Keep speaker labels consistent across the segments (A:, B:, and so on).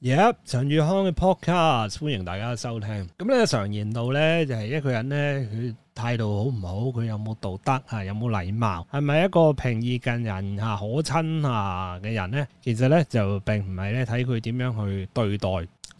A: 耶！陳、yep, 宇康嘅 podcast，歡迎大家收聽。咁咧常言道咧，就係、是、一個人咧，佢態度好唔好，佢有冇道德嚇、啊，有冇禮貌，係咪一個平易近人嚇、啊、可親嚇嘅人咧？其實咧就並唔係咧睇佢點樣去對待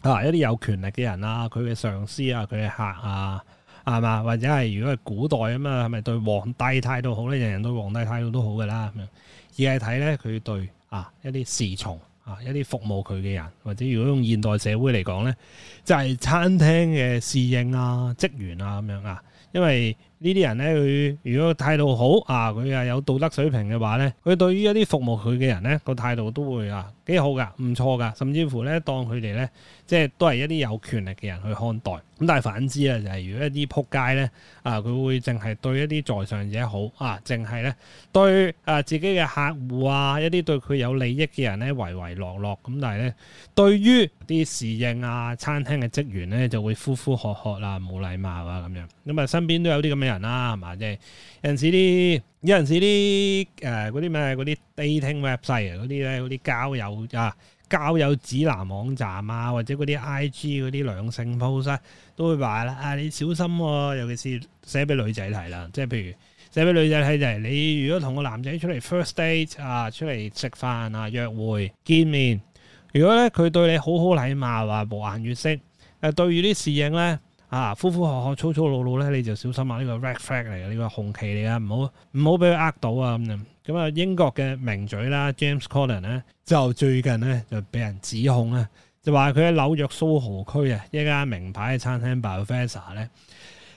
A: 嚇、啊、一啲有權力嘅人啊，佢嘅上司啊，佢嘅客啊，係嘛？或者係如果係古代啊嘛，係咪對皇帝態度好咧？人人對皇帝態度都好嘅啦咁樣，而係睇咧佢對啊一啲侍從。一啲服務佢嘅人，或者如果用現代社會嚟講呢，就係餐廳嘅侍應啊、職員啊咁樣啊，因為。呢啲人咧，佢如果態度好啊，佢啊有道德水平嘅話咧，佢對於一啲服務佢嘅人咧，個態度都會啊幾好噶，唔錯噶。甚至乎咧，當佢哋咧，即係都係一啲有權力嘅人去看待。咁但係反之啊，就係如果一啲仆街咧啊，佢會淨係對一啲在上者好啊，淨係咧對啊自己嘅客戶啊，一啲對佢有利益嘅人咧唯唯諾諾。咁但係咧，對於啲侍應啊、餐廳嘅職員咧，就會呼呼喝喝啦、冇禮貌啊咁樣。咁啊，身邊都有啲咁樣。人啦，係嘛即係，有陣時啲，有陣時啲誒，啲咩，啲 dating website 啊，嗰啲咧，啲交友啊，交友指南網站啊，或者嗰啲 IG 嗰啲兩性 post，啊、都會話啦，啊你小心，哦，尤其是寫俾女仔睇啦，即係譬如寫俾女仔睇就係、是，你如果同個男仔出嚟 first date 啊，出嚟食飯啊，約會見面，如果咧佢對你好好禮貌，和顏悅色，誒、啊，對於啲侍應咧。啊，呼呼喝喝、粗粗魯魯咧，你就小心啊！呢、這個 red flag 嚟嘅，呢、這個紅旗嚟嘅，唔好唔好俾佢呃到啊咁樣。咁啊，英國嘅名嘴啦，James Corden 咧，就最近咧就俾人指控咧，就話佢喺紐約蘇荷區啊，一家名牌嘅餐廳 b a r b e s a 咧，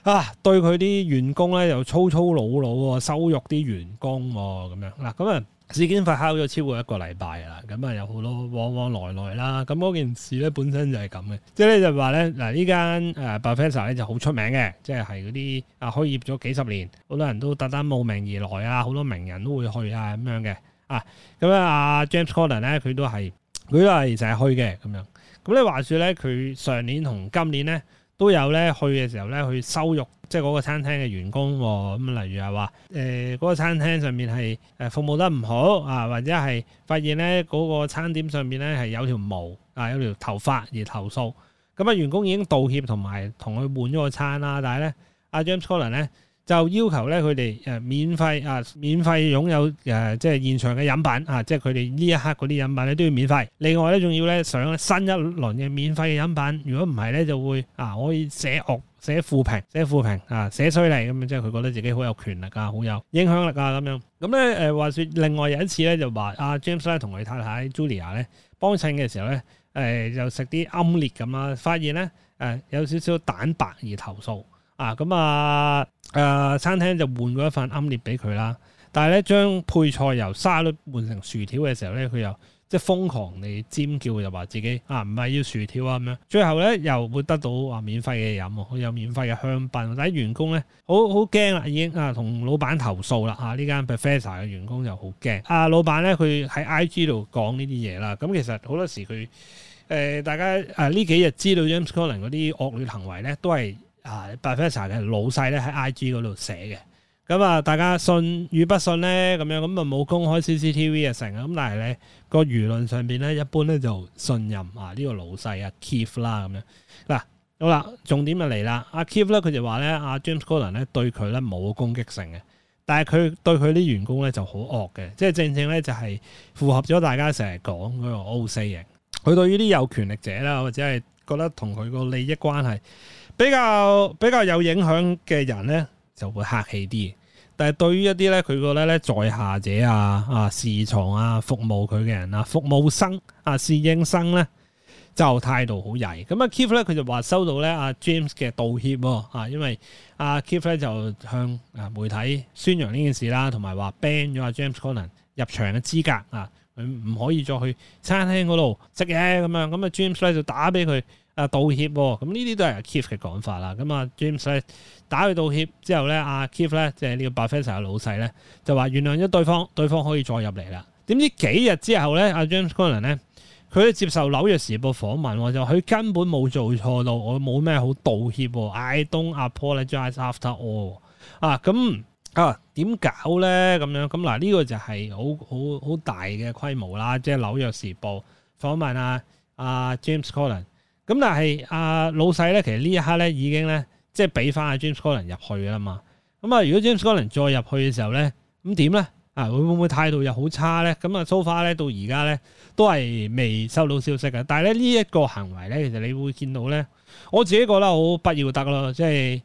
A: 啊，對佢啲員工咧又粗粗魯魯，羞辱啲員工喎、哦，咁樣嗱，咁啊。事件發酵咗超過一個禮拜啦，咁啊有好多往往來來啦，咁嗰件事咧本身就係咁嘅，即係咧就話咧嗱，呢間誒 buffet 咧就好出名嘅，即係係嗰啲啊開業咗幾十年，好多人都特登慕名而來啊，好多名人都會去啊咁樣嘅，啊咁咧阿 James Corden 咧佢都係佢都係成日去嘅咁樣，咁咧話説咧佢上年同今年咧都有咧去嘅時候咧去羞辱。即係嗰個餐廳嘅員工，咁例如係話，誒、呃、嗰、那個餐廳上面係誒服務得唔好啊，或者係發現咧嗰、那個餐點上面咧係有條毛啊，有條頭髮而投訴，咁啊員工已經道歉同埋同佢換咗個餐啦，但係咧阿 James Collen 咧，就要求咧，佢哋誒免費啊，免費擁有誒，即係現場嘅飲品啊，即係佢哋呢一刻嗰啲飲品咧都要免費。另外咧，仲要咧上新一輪嘅免費飲品。如果唔係咧，就會啊，可以寫惡、寫負評、寫負評啊，寫衰嚟咁樣，即係佢覺得自己好有權力啊，好有影響力啊，咁樣。咁咧誒，話説另外有一次咧，就話阿、啊、James 同佢太太 Julia 咧幫襯嘅時候咧，誒、呃、就食啲奄列咁啊，發現咧誒、啊、有少少蛋白而投訴啊，咁啊～啊誒餐廳就換嗰一份奄列俾佢啦，但係咧將配菜由沙律換成薯條嘅時候咧，佢又即係瘋狂地尖叫，又話自己啊唔係要薯條啊咁樣。最後咧又會得到啊免費嘅飲，有免費嘅香檳。但係員工咧好好驚啦，已經啊同老闆投訴啦嚇。呢間 Professor 嘅員工又好驚。啊老闆咧佢喺 IG 度講呢啲嘢啦。咁其實好多時佢誒大家啊呢幾日知道 James Corden 嗰啲惡劣行為咧都係。啊 p 老細咧喺 IG 嗰度寫嘅，咁啊大家信與不信咧咁樣，咁啊冇公開 CCTV 成咁，但係咧、那個輿論上邊咧一般咧就信任啊呢、這個老細啊 Keith 啦咁樣。嗱、啊、好啦，重點、啊、Keith, 就嚟啦，阿 Keith 咧佢就話咧阿 James Collen 咧對佢咧冇攻擊性嘅，但係佢對佢啲員工咧就好惡嘅，即係正正咧就係符合咗大家成日講嗰個 O 型，佢對於啲有權力者啦，或者係覺得同佢個利益關係。比較比較有影響嘅人咧，就會客氣啲。但係對於一啲咧，佢個咧咧在下者啊啊侍從啊服務佢嘅人啊服務生啊侍應生咧，就態度好曳。咁啊，Keith 咧佢就話收到咧、啊、阿 James 嘅道歉喎啊，因為阿 Keith 咧就向啊媒體宣揚呢件事啦、啊，同埋話 ban 咗阿 James 可能入場嘅資格啊。佢唔可以再去餐廳嗰度食嘢，咁樣咁，啊 James 咧就打俾佢，啊道歉啊，咁呢啲都係 Keith 嘅講法啦。咁啊 James 咧打佢道歉之後咧，阿、啊、Keith 咧即係呢個 buffet 嘅老細咧就話原諒咗對方，對方可以再入嚟啦。點知幾日之後咧，阿、啊、James Collen 咧佢接受紐約時報訪問，就佢根本冇做錯到，我冇咩好道歉喎、啊。I don't apologize after all 啊咁。嗯啊，點搞咧？咁樣咁嗱，呢、這個就係好好好大嘅規模啦。即係紐約時報訪問啊，阿、啊、James Collen、啊。咁但係阿老細咧，其實呢一刻咧已經咧，即係俾翻阿 James Collen 入去㗎啦嘛。咁啊，如果 James Collen 再入去嘅時候咧，咁點咧？啊，會唔會態度又好差咧？咁啊，so far 咧到而家咧都係未收到消息嘅。但係咧呢一、這個行為咧，其實你會見到咧，我自己覺得好不要得咯，即係。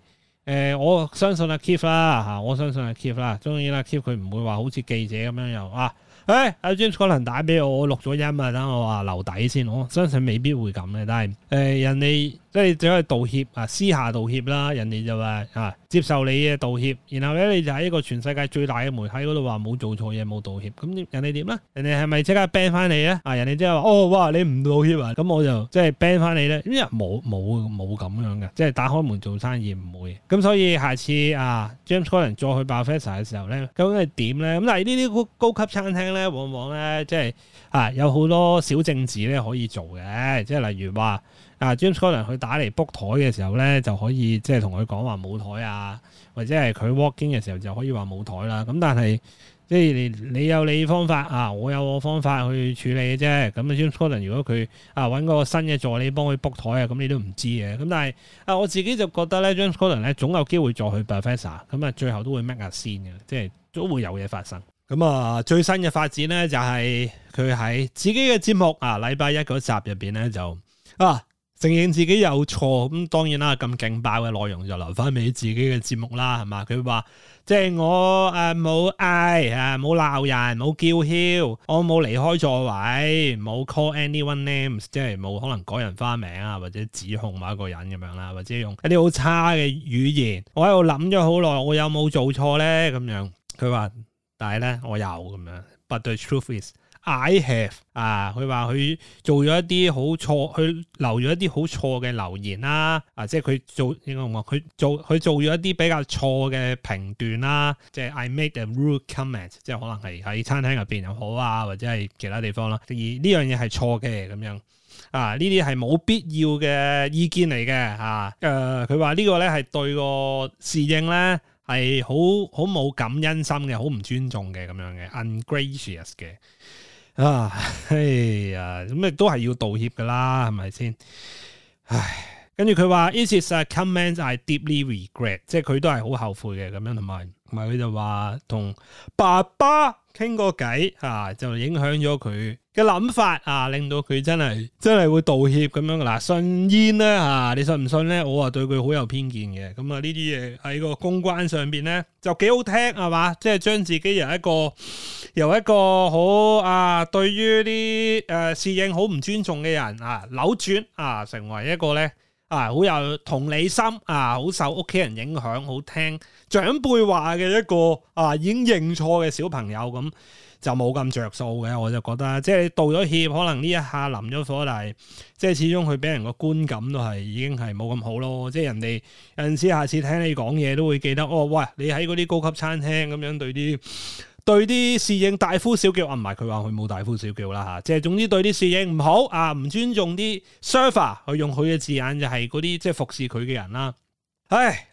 A: 誒我相信阿 Keef 啦嚇，我相信阿 Keef 啦,啦，終於啦 Keef 佢唔會話好似記者咁樣又啊，誒、哎、阿、啊、James 可能打俾我，我錄咗音啊，等我話留底先我相信未必會咁嘅，但係誒、呃、人哋。即係你只可以道歉啊，私下道歉啦，人哋就話啊，接受你嘅道歉，然後咧你就喺一個全世界最大嘅媒體嗰度話冇做錯嘢，冇道歉，咁人哋點咧？人哋係咪即刻 ban 翻你咧？啊，人哋即係話哦，哇，你唔道歉啊，咁我就即係 ban 翻你咧。因為冇冇冇咁樣嘅，即係、嗯、打開門做生意唔會。咁所以下次啊，James 可能再去 Balthazar 嘅時候咧，究竟係點咧？咁但係呢啲高級餐廳咧，往往咧即係啊，有好多小政治咧可以做嘅，即係例如話。啊，James Corden 佢打嚟 book 台嘅時候咧，就可以即係同佢講話冇台啊，或者係佢 walking 嘅時候就可以話冇台啦。咁但係即係你你有你方法啊，我有我方法去處理嘅啫。咁啊，James Corden 如果佢啊揾個新嘅助理幫佢 book 台啊，咁、嗯、你都唔知嘅。咁、啊、但係啊，我自己就覺得咧，James Corden 咧總有機會再去 professor，咁啊最後都會 make 下先嘅，即係都會有嘢發生。咁啊最新嘅發展咧就係佢喺自己嘅節目啊禮拜一嗰集入邊咧就啊～承認自己有錯，咁當然啦，咁勁爆嘅內容就留翻俾自己嘅節目啦，係嘛？佢話即係我誒冇嗌，誒冇鬧人，冇叫囂，我冇離開座位，冇 call anyone names，即係冇可能改人花名啊，或者指控某一個人咁樣啦，或者用一啲好差嘅語言。我喺度諗咗好耐，我有冇做錯咧？咁樣佢話，但係咧，我有咁樣，but the truth is。I have 啊，佢話佢做咗一啲好錯，佢留咗一啲好錯嘅留言啦、啊，啊，即係佢做呢個佢做佢做咗一啲比較錯嘅評斷啦、啊，即係 I made a rude comment，即係可能係喺餐廳入邊又好啊，或者係其他地方啦、啊。而呢樣嘢係錯嘅咁樣，啊呢啲係冇必要嘅意見嚟嘅吓。誒、啊，佢、呃、話呢個咧係對個侍應咧係好好冇感恩心嘅，好唔尊重嘅咁樣嘅，ungracious 嘅。Un 啊，嘿呀，咁、啊、亦都係要道歉㗎啦，係咪先？唉，跟住佢話，this is a comment I deeply regret，即係佢都係好後悔嘅咁樣同埋。Mm hmm. 唔係佢就話同爸爸傾個偈，吓、啊，就影響咗佢嘅諗法啊，令到佢真係真係會道歉咁樣嗱。信煙咧吓，你信唔信咧？我話對佢好有偏見嘅。咁啊呢啲嘢喺個公關上邊咧，就幾好聽係嘛，即係將自己由一個由一個好啊，對於啲誒侍應好唔尊重嘅人啊扭轉啊，成為一個咧。啊，好有同理心啊，好受屋企人影響，好聽長輩話嘅一個啊，已經認錯嘅小朋友咁，就冇咁着數嘅，我就覺得，即係道咗歉，可能呢一下淋咗火，但係即係始終佢俾人個觀感都係已經係冇咁好咯，即係人哋有陣時下次聽你講嘢都會記得，哦，喂，你喺嗰啲高級餐廳咁樣對啲，對啲侍應大呼小叫，啊唔係佢話佢冇大呼小叫啦吓，即、啊、係總之對啲侍應唔好啊，唔尊重啲 server，佢用佢嘅字眼就係嗰啲即係服侍佢嘅人啦，唉，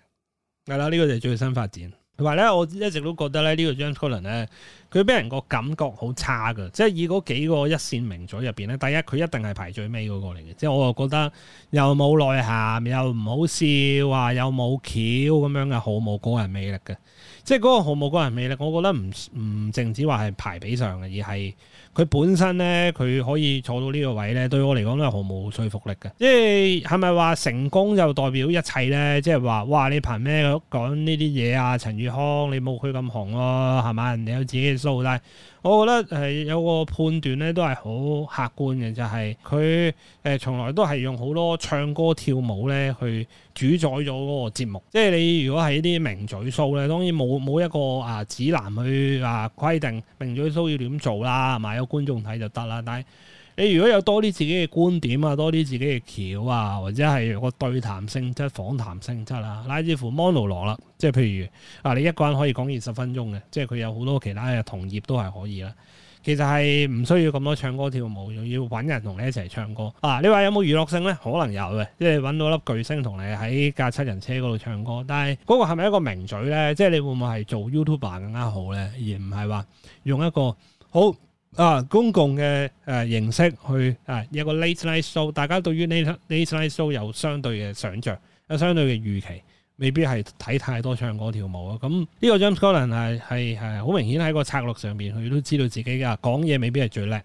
A: 係啦，呢、這個就係最新發展，同埋咧，我一直都覺得咧呢、這個 James Corden 咧。佢俾人個感覺好差嘅，即係以嗰幾個一線名嘴入邊咧，第一佢一定係排最尾嗰個嚟嘅。即係我又覺得又冇內涵，又唔好笑啊，又冇橋咁樣嘅，毫無個人魅力嘅。即係嗰個毫無個人魅力，我覺得唔唔淨止話係排比上嘅，而係佢本身咧，佢可以坐到呢個位咧，對我嚟講都係毫無說服力嘅。即係係咪話成功就代表一切咧？即係話哇，你憑咩講呢啲嘢啊？陳宇康，你冇佢咁紅咯，係嘛？你有自己。但係我覺得係有個判斷咧，都係好客觀嘅，就係佢誒從來都係用好多唱歌跳舞咧去主宰咗嗰個節目。即係你如果係啲名嘴騷咧，當然冇冇一個啊指南去啊規定名嘴騷要點做啦，係咪？有觀眾睇就得啦，但係。你如果有多啲自己嘅觀點啊，多啲自己嘅橋啊，或者係個對談性質，即係、訪談性質啊，乃至乎 monologue 啦，即係譬如啊，你一個人可以講二十分鐘嘅，即係佢有好多其他嘅同業都係可以啦。其實係唔需要咁多唱歌跳舞，仲要揾人同你一齊唱歌。啊，你話有冇娛樂性呢？可能有嘅，即係揾到粒巨星同你喺架七人車嗰度唱歌。但係嗰個係咪一個名嘴呢？即係你會唔會係做 YouTuber 更加好呢？而唔係話用一個好。啊！公共嘅誒形式去啊，有個 late night show，大家對於 late night show 有相對嘅想像，有相對嘅預期，未必係睇太多唱歌跳舞啊。咁、嗯、呢、呢個 James Corden 係係係好明顯喺個策略上面，佢都知道自己噶講嘢未必係最叻。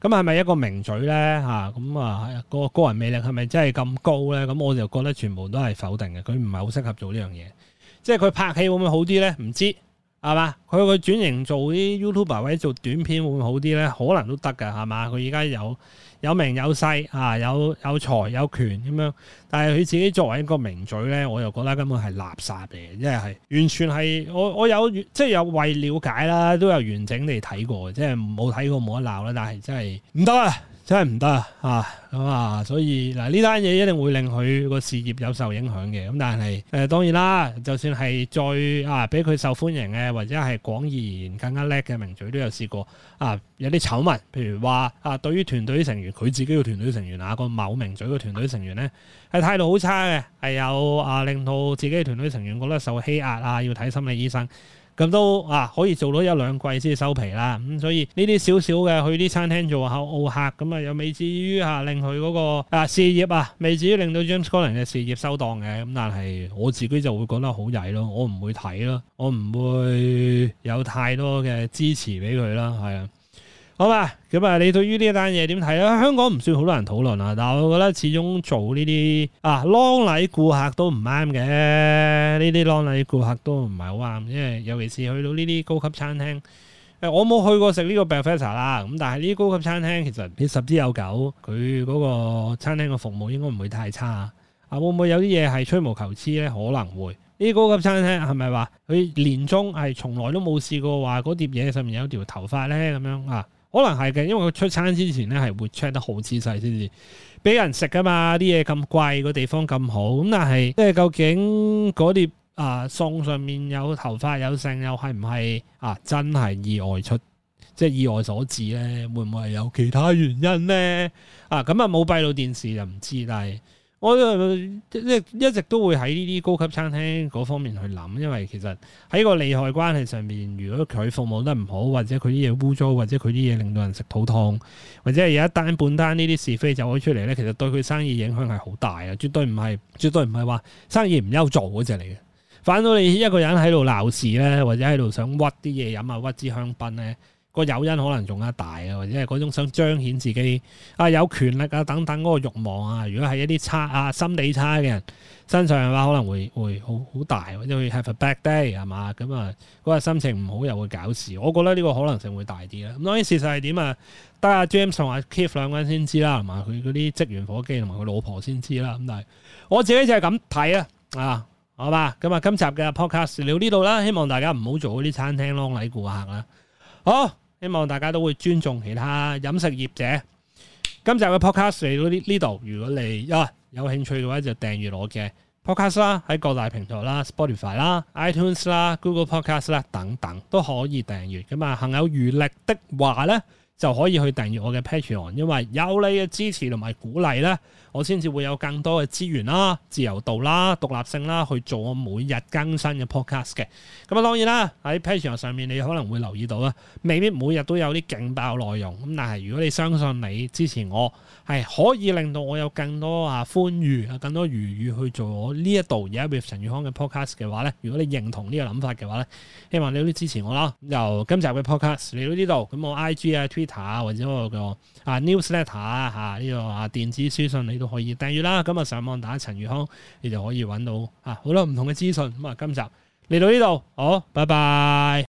A: 咁係咪一個名嘴咧？嚇咁啊，嗰個個人魅力係咪真係咁高咧？咁、嗯、我就覺得全部都係否定嘅，佢唔係好適合做呢樣嘢。即係佢拍戲會唔會好啲咧？唔知。係嘛？佢佢轉型做啲 YouTuber 或者做短片會唔會好啲咧？可能都得㗎，係嘛？佢而家有有名有勢啊，有有財有權咁樣。但係佢自己作為一個名嘴咧，我又覺得根本係垃圾嚟，即係完全係我我有即係有為了解啦，都有完整地睇過，即係冇睇過冇得鬧啦。但係真係唔得啊！真係唔得啊！咁啊，所以嗱，呢單嘢一定會令佢個事業有受影響嘅。咁但係，誒、呃、當然啦，就算係最啊俾佢受歡迎嘅，或者係廣而言更加叻嘅名嘴都有試過啊，有啲醜聞，譬如話啊，對於團隊成員，佢自己嘅團隊成員啊，個某名嘴嘅團隊成員呢係態度好差嘅，係有啊令到自己嘅團隊成員覺得受欺壓啊，要睇心理醫生。咁都啊，可以做到一兩季先收皮啦。咁、嗯、所以呢啲少少嘅去啲餐廳做下奧客，咁、嗯那個、啊，又未至於啊令佢嗰個啊事業啊，未至於令到 James Collen 嘅事業收檔嘅。咁但係我自己就會覺得好曳咯，我唔會睇咯，我唔會有太多嘅支持俾佢啦。係啊。好吧，咁啊，你對於呢單嘢點睇咧？香港唔算好多人討論啊，但係我覺得始終做呢啲啊，浪禮顧客都唔啱嘅，呢啲浪禮顧客都唔係好啱，因為尤其是去到呢啲高級餐廳，誒、呃，我冇去過食呢個 buffet 啦，咁但係呢啲高級餐廳其實你十之有九，佢嗰個餐廳嘅服務應該唔會太差啊，會唔會有啲嘢係吹毛求疵咧？可能會呢啲高級餐廳係咪話佢年中係從來都冇試過話嗰碟嘢上面有條頭髮咧咁樣啊？可能係嘅，因為佢出餐之前咧，係會 check 得好仔細先至俾人食噶嘛。啲嘢咁貴，個地方咁好，咁但係即係究竟嗰碟啊餸上面有頭髮有剩，又係唔係啊真係意外出，即係意外所致咧，會唔會係有其他原因咧？啊，咁啊冇閉路電視就唔知啦。但我一一直都會喺呢啲高級餐廳嗰方面去諗，因為其實喺個利害關係上面，如果佢服務得唔好，或者佢啲嘢污糟，或者佢啲嘢令到人食肚痛，或者係有一單半單呢啲是非走咗出嚟咧，其實對佢生意影響係好大啊！絕對唔係，絕對唔係話生意唔憂做嗰隻嚟嘅。反到你一個人喺度鬧事咧，或者喺度想屈啲嘢飲啊，屈支香檳咧。個誘因可能仲加大啊，或者係嗰種想彰顯自己啊有權力啊等等嗰個慾望啊。如果係一啲差啊心地差嘅人身上嘅話，可能會會好好大，因為 have a bad day，係嘛，咁啊，嗰個心情唔好又會搞事。我覺得呢個可能性會大啲啦。咁當然事實係點啊？得阿 James 同阿 Keith 兩個人先知啦，係嘛，佢嗰啲職員夥計同埋佢老婆先知啦。咁但係我自己就係咁睇啊，啊，好嘛，咁啊，今集嘅 podcast 聊呢度啦，希望大家唔好做嗰啲餐廳 long 禮顧客啦。好。希望大家都會尊重其他飲食業者。今集嘅 podcast 嚟到呢度，如果你、啊、有興趣嘅話，就訂閱我嘅 podcast 啦，喺各大平台啦、Spotify 啦、iTunes 啦、Google Podcast 啦等等都可以訂閱。咁啊，行有餘力的話呢。就可以去訂閱我嘅 Patreon，因為有你嘅支持同埋鼓勵咧，我先至會有更多嘅資源啦、自由度啦、獨立性啦，去做我每日更新嘅 podcast 嘅。咁啊，當然啦，喺 Patreon 上面你可能會留意到啦，未必每日都有啲勁爆內容咁。但係如果你相信你支持我係可以令到我有更多啊，寬裕啊，更多餘裕去做我呢一度而家 with 陳宇康嘅 podcast 嘅話咧，如果你認同呢個諗法嘅話咧，希望你都支持我啦。咁由今集嘅 podcast 嚟到呢度，咁我 IG 啊或者我個 News 啊 newsletter 啊吓，呢個啊電子書信你都可以訂閱啦，今日上網打陳宇康，你就可以揾到啊好啦，唔同嘅資訊，咁啊今集嚟到呢度，好，拜拜。